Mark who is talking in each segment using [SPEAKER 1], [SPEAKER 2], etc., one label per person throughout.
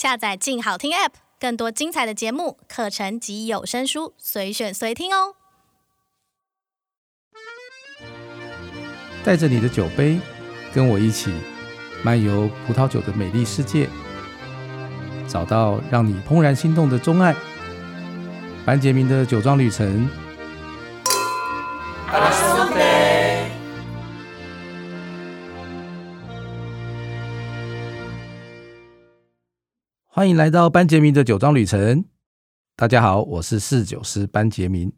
[SPEAKER 1] 下載“靜好聽 ”App，更多精彩的節目、課程及有聲書，隨選隨聽哦！帶着你的酒杯，跟我一起漫遊葡萄酒的美麗世界，找到讓你怦然心動的鍾愛。班傑銘的酒莊旅程。啊歡迎來到班傑銘的酒莊旅程。大家好，我是侍酒師班傑銘。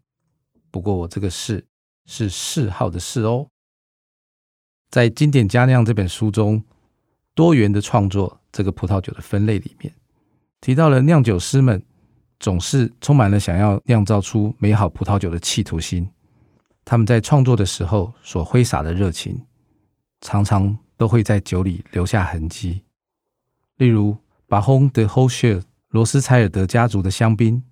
[SPEAKER 1] 不過我這個“侍”是“嗜”好的“嗜”哦。在《經典佳釀》這本書中，《多元的創作》這個葡萄酒的分類裡面，提到了釀酒師們總是充滿了想要釀造出美好葡萄酒的企圖心。他們在創作的時候所揮灑的熱情，常常都會在酒裡留下痕跡。例如，Baron de Rothschild 羅斯柴爾德家族的香檳，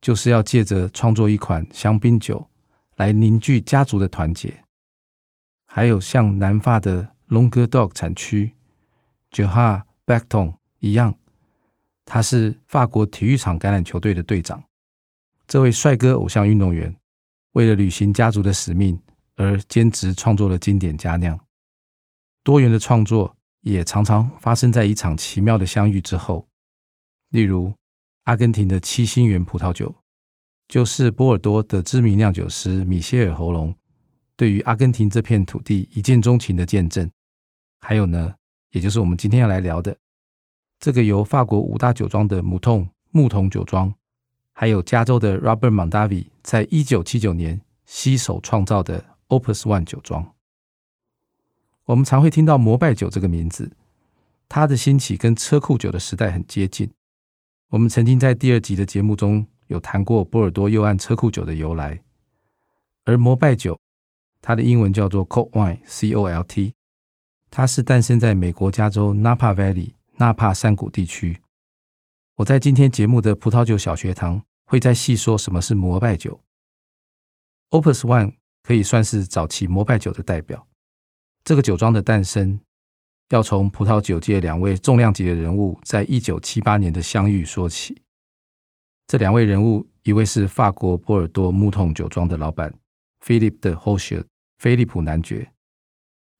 [SPEAKER 1] 就是要借着創作一款香檳酒來凝聚家族的團結。還有像南法的 Languedoc 產區 Gérard Bertrand 一樣，他是法國體育場橄欖球隊的隊長。這位帥哥偶像運動員，為了履行家族的使命而兼職創作了經典佳釀。多元的創作。也常常發生在一場奇妙的相遇之後，例如阿根廷的七星園葡萄酒，就是波爾多的知名釀酒師米歇爾·侯龍對於阿根廷這片土地一見鍾情的見證。還有呢，也就是我們今天要來聊的，這個由法國五大酒莊的木桐木桐酒莊，還有加州的 Robert Mondavi 在一九七九年攜手創造的 Opus One 酒莊。我們常會聽到“膜拜酒”這個名字，它的興起跟車庫酒的時代很接近。我們曾經在第二集的節目中有談過波爾多右岸車庫酒的由來，而膜拜酒，它的英文叫做 Cult Wine（C.U.L.T.），它是誕生在美國加州納帕 Valley（ 納帕山谷）地區。我在今天節目的葡萄酒小學堂會再細說什麼是膜拜酒。Opus One 可以算是早期膜拜酒的代表。這個酒莊的誕生，要從葡萄酒界兩位重量級的人物在一九七八年的相遇說起。這兩位人物，一位是法國波爾多木桐酒莊的老闆，Philippe de Rothschild 菲利普男爵，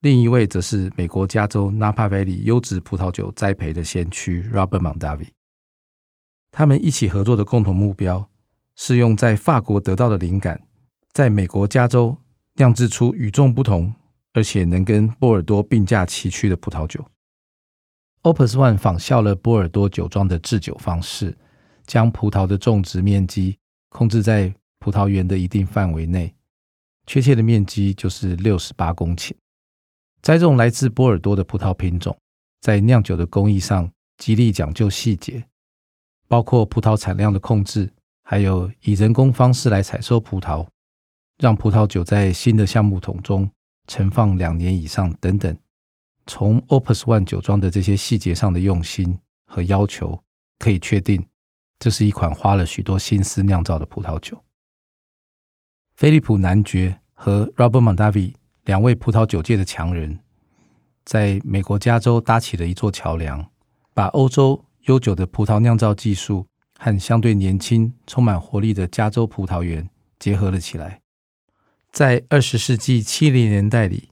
[SPEAKER 1] 另一位則是美國加州 Napa Valley 優質葡萄酒栽培的先驅 Robert Mondavi。他們一起合作的共同目標，是用在法國得到的靈感，在美國加州釀製出與眾不同而且能跟波爾多並駕齊驅的葡萄酒，Opus One 仿效了波爾多酒莊的制酒方式，將葡萄的種植面積控制在葡萄園的一定範圍內，確切的面積就是六十八公頃。栽種來自波爾多的葡萄品種，在釀酒的工藝上極力講究細節，包括葡萄產量的控制，還有以人工方式來採收葡萄，讓葡萄酒在新的橡木桶中陳放兩年以上等等，從 Opus One 酒莊的這些細節上的用心和要求，可以確定，這是一款花了許多心思釀造的葡萄酒。菲利普男爵和 Robert Mondavi 兩位葡萄酒界的強人，在美國加州搭起了一座橋樑，把歐洲悠久的葡萄釀造技術和相對年輕、充滿活力的加州葡萄園結合了起來。在二十世紀七零年代裡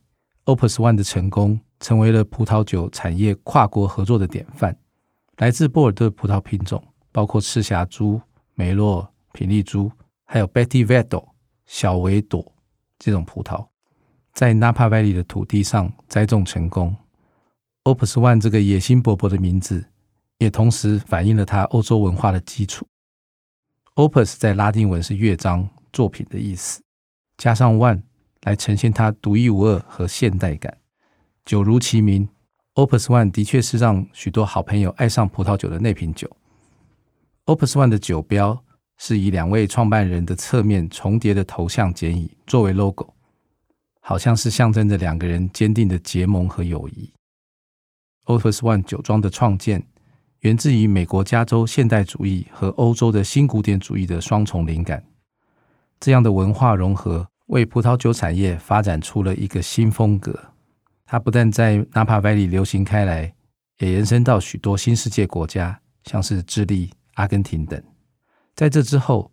[SPEAKER 1] ，Opus One 的成功成為了葡萄酒產業跨國合作的典範。來自波爾多的葡萄品種，包括赤霞珠、梅洛、品麗珠，還有 Petit Verdot 小維朵這種葡萄，在 Napa Valley 的土地上栽種成功。Opus One 這個野心勃勃的名字，也同時反映了它歐洲文化的基礎。Opus 在拉丁文是樂章、作品的意思。加上 One 來呈現它獨一無二和現代感。酒如其名，Opus One 的確是讓許多好朋友愛上葡萄酒的那瓶酒。Opus One 的酒標是以兩位創辦人的側面重疊的頭像剪影作為 logo，好像是象徵着兩個人堅定的結盟和友誼。Opus One 酒莊的創建源自於美國加州現代主義和歐洲的新古典主義的雙重靈感，這樣的文化融合。為葡萄酒產業發展出了一個新風格，它不但在 Napa Valley 流行開來，也延伸到許多新世界國家，像是智利、阿根廷等。在這之後，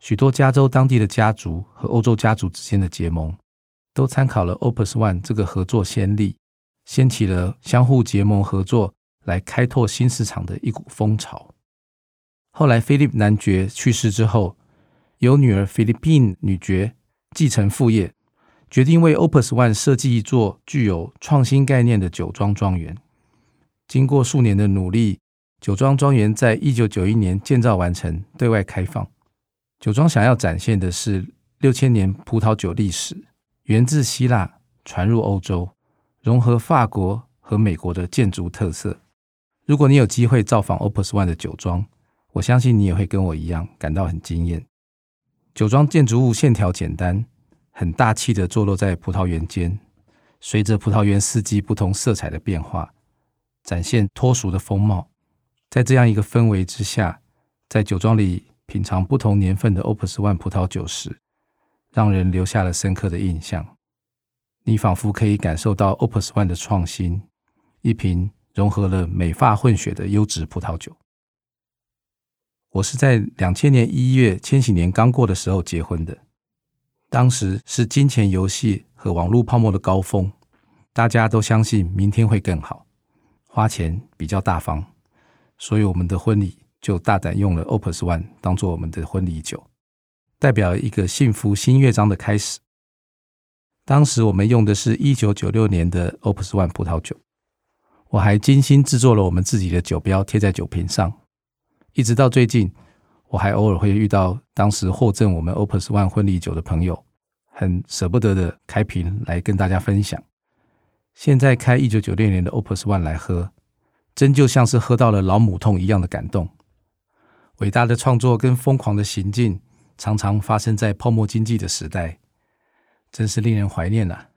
[SPEAKER 1] 許多加州當地的家族和歐洲家族之間的結盟，都參考了 Opus One 這個合作先例，掀起了相互結盟合作來開拓新市場的一股風潮。後來，菲利普男爵去世之後，由女兒菲律賓女爵。繼承父業，決定為 Opus One 設計一座具有創新概念的酒莊莊園。經過數年的努力，酒莊莊園在一九九一年建造完成，對外開放。酒莊想要展現的是六千年葡萄酒歷史，源自希臘，傳入歐洲，融合法國和美國的建築特色。如果你有機會造訪 Opus One 的酒莊，我相信你也會跟我一樣感到很驚艷。酒莊建築物線條簡單，很大氣地坐落在葡萄園間，隨着葡萄園四季不同色彩的變化，展現脫俗的風貌。在這樣一個氛圍之下，在酒莊裡品嘗不同年份的 Opus One 葡萄酒時，讓人留下了深刻的印象。你仿佛可以感受到 Opus One 的創新，一瓶融合了美法混血的優質葡萄酒。我是在兩千年一月，千禧年剛過的時候結婚的。當時是金錢遊戲和網絡泡沫的高峰，大家都相信明天會更好，花錢比較大方，所以我們的婚禮就大膽用了 Opus One 當做我們的婚禮酒，代表了一個幸福新樂章的開始。當時我們用的是一九九六年的 Opus One 葡萄酒，我還精心製作了我們自己的酒標貼在酒瓶上。一直到最近，我還偶爾會遇到當時獲贈我們 Opus One 婚禮酒的朋友，很捨不得的開瓶來跟大家分享。現在開一九九六年的 Opus One 來喝，真就像是喝到了老母痛一樣的感動。偉大的創作跟瘋狂的行徑，常常發生在泡沫經濟的時代，真是令人懷念啊！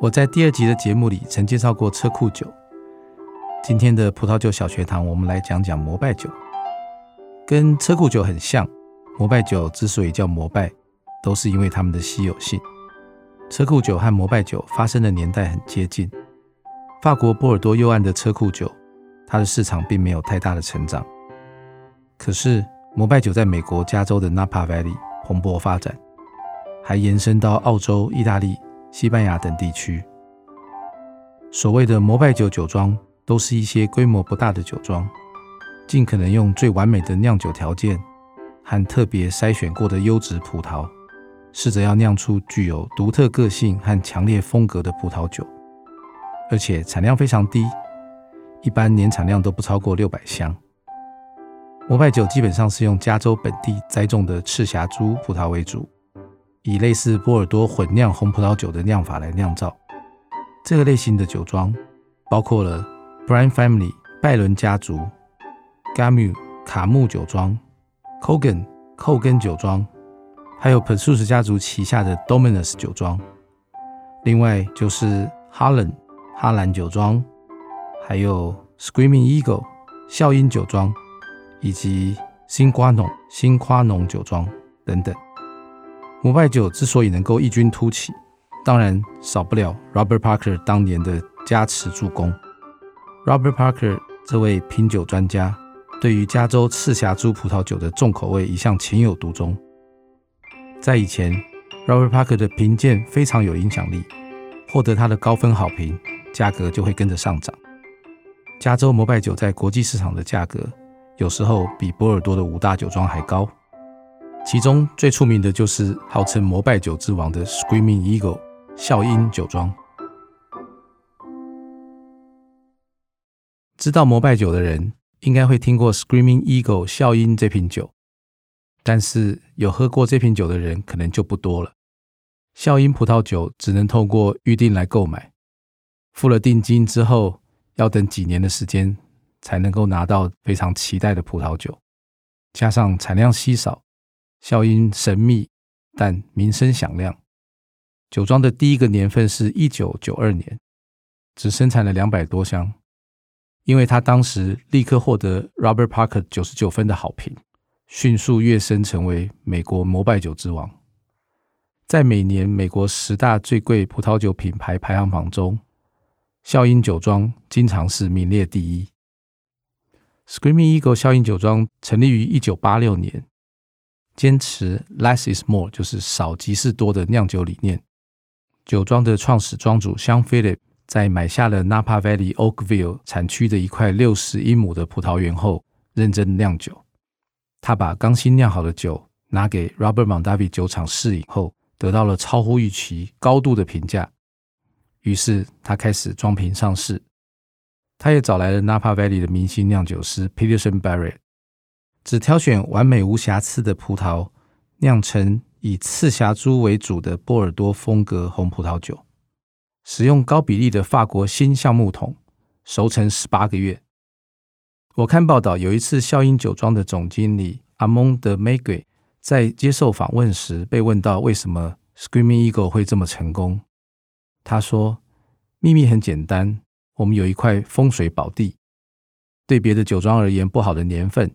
[SPEAKER 1] 我在第二集的節目裡曾介紹過車庫酒。今天的葡萄酒小學堂，我們來講講膜拜酒。跟車庫酒很像，膜拜酒之所以叫膜拜，都是因為它們的稀有性。車庫酒和膜拜酒發生的年代很接近。法國波爾多右岸的車庫酒，它的市場並沒有太大的成長。可是，膜拜酒在美國加州的 Napa Valley 蓬勃發展，還延伸到澳洲、意大利、西班牙等地區。所謂的膜拜酒酒莊，都是一些規模不大的酒莊，盡可能用最完美的釀酒條件和特別篩選過的優質葡萄，試着要釀出具有獨特個性和強烈風格的葡萄酒，而且產量非常低，一般年產量都不超過六百箱。膜拜酒基本上是用加州本地栽種的赤霞珠葡萄為主，以類似波爾多混釀紅葡萄酒的釀法來釀造。這個類型的酒莊包括了 Bryan Family 拜倫家族、Gamu 卡木酒莊、Kogan Cogan 酒莊，還有 Petrus 家族旗下的 Dominus 酒莊。另外就是 Harlan 哈蘭酒莊，還有 Screaming Eagle 笑鷹酒莊。以及新瓜農、新誇農酒莊等等，膜拜酒之所以能夠異軍突起，當然少不了 Robert Parker 當年的加持助攻。Robert Parker 這位品酒專家，對於加州赤霞珠葡萄酒的重口味一向情有獨鍾。在以前，Robert Parker 的評鑑非常有影響力，獲得他的高分好評，價格就會跟着上漲。加州膜拜酒在國際市場的價格，有時候比波爾多的五大酒莊還高，其中最出名的就是號稱“膜拜酒之王”的 Screaming Eagle 笑鷹酒莊。知道膜拜酒的人，應該會聽過 Screaming Eagle 笑鷹這瓶酒，但是有喝過這瓶酒的人可能就不多了。笑鷹葡萄酒只能透過預訂來購買，付了定金之後，要等幾年的時間，才能夠拿到非常期待的葡萄酒，加上產量稀少，嘯鷹神秘、但名聲響亮。酒莊的第一個年份是一九九二年，只生產了兩百多箱，因為他當時立刻獲得 Robert Parker 九十九分的好評，迅速躍升成為美國膜拜酒之王。在每年美國十大最貴葡萄酒品牌排行榜中，嘯鷹酒莊經常是名列第一。Screaming Eagle 效應，酒莊成立於一九八六年，堅持 Less is more，就是少即是多的釀酒理念。酒莊的創始莊主香 Philip 在買下了 Napa Valley Oakville 產區的一塊六十一畝的葡萄園後，認真釀酒。他把剛新釀好的酒拿給 Robert Mondavi 酒廠試飲後，得到了超乎預期高度的評價。於是他開始裝瓶上市。他也找來了 Napa Valley 的明星釀酒師 Peterson Barrett，只挑選完美無瑕疵的葡萄，釀成以赤霞珠為主的波爾多風格紅葡萄酒，使用高比例的法國新橡木桶，熟成十八個月。我看報道，有一次嘯鷹酒莊的總經理 Amon de Magre 在接受訪問時，被問到為什麼 Screaming Eagle 會這麼成功，他說：“秘密很簡單。”我們有一塊風水寶地，對別的酒莊而言不好的年份，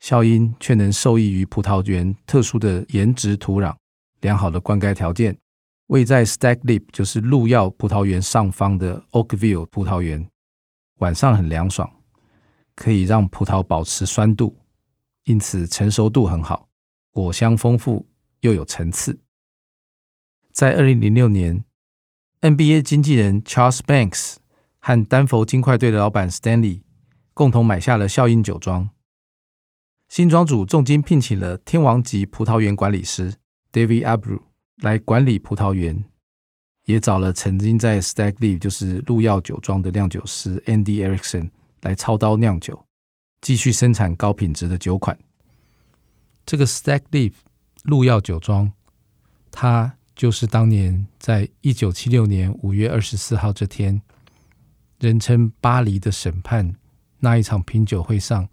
[SPEAKER 1] 效應卻能受益於葡萄園特殊的岩石土壤、良好的灌溉條件。位在 Stags Leap，就是鹿躍葡萄園上方的 Oakville 葡萄園，晚上很涼爽，可以讓葡萄保持酸度，因此成熟度很好，果香豐富又有層次。在二零零六年，NBA 經紀人 Charles Banks。和丹佛金塊隊的老板 Stanley 共同買下了嘯鷹酒莊。新莊主重金聘請了天王級葡萄園管理師 David Abreu 來管理葡萄園，也找了曾經在 Stag's Leap 就是鹿躍酒莊的釀酒師 Andy Erickson 來操刀釀酒，繼續生產高品質的酒款。這個 Stag's Leap 鹿躍酒莊，它就是當年在一九七六年五月二十四號這天。人稱“巴黎的審判”那一場品酒會上，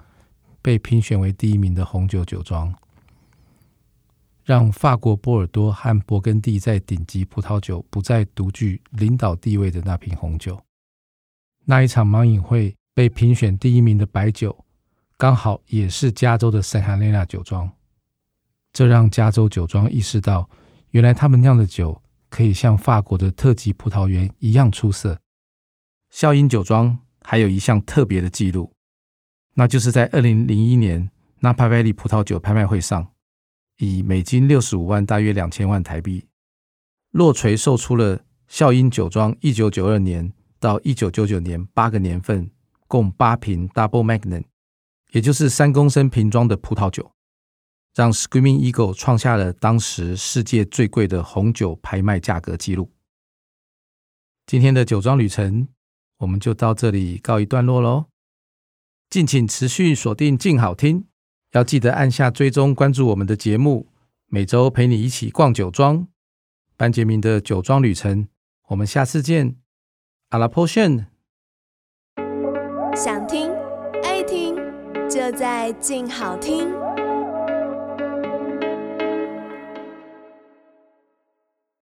[SPEAKER 1] 被評選為第一名的紅酒酒莊，讓法國波爾多和勃艮第在頂級葡萄酒不再獨具領導地位的那瓶紅酒。那一場盲飲會被評選第一名的白酒，剛好也是加州的聖哈內拉酒莊，這讓加州酒莊意識到，原來他們釀的酒可以像法國的特級葡萄園一樣出色。笑鷹酒莊還有一項特別的記錄，那就是在二零零一年 Napa Valley 葡萄酒拍賣會上，以美金六十五萬，大約兩千萬台幣，落錘售出了笑鷹酒莊一九九二年到一九九九年八個年份共八瓶 Double Magnum，也就是三公升瓶裝的葡萄酒，讓 Screaming Eagle 創下了當時世界最貴的紅酒拍賣價格紀錄。今天的酒莊旅程，我們就到這裡告一段落嘍，敬請持續鎖定靜好聽，要記得按下追蹤關注我們的節目，每週陪你一起逛酒莊，班傑銘的酒莊旅程，我們下次見，阿拉波炫，想聽愛聽就在靜好聽。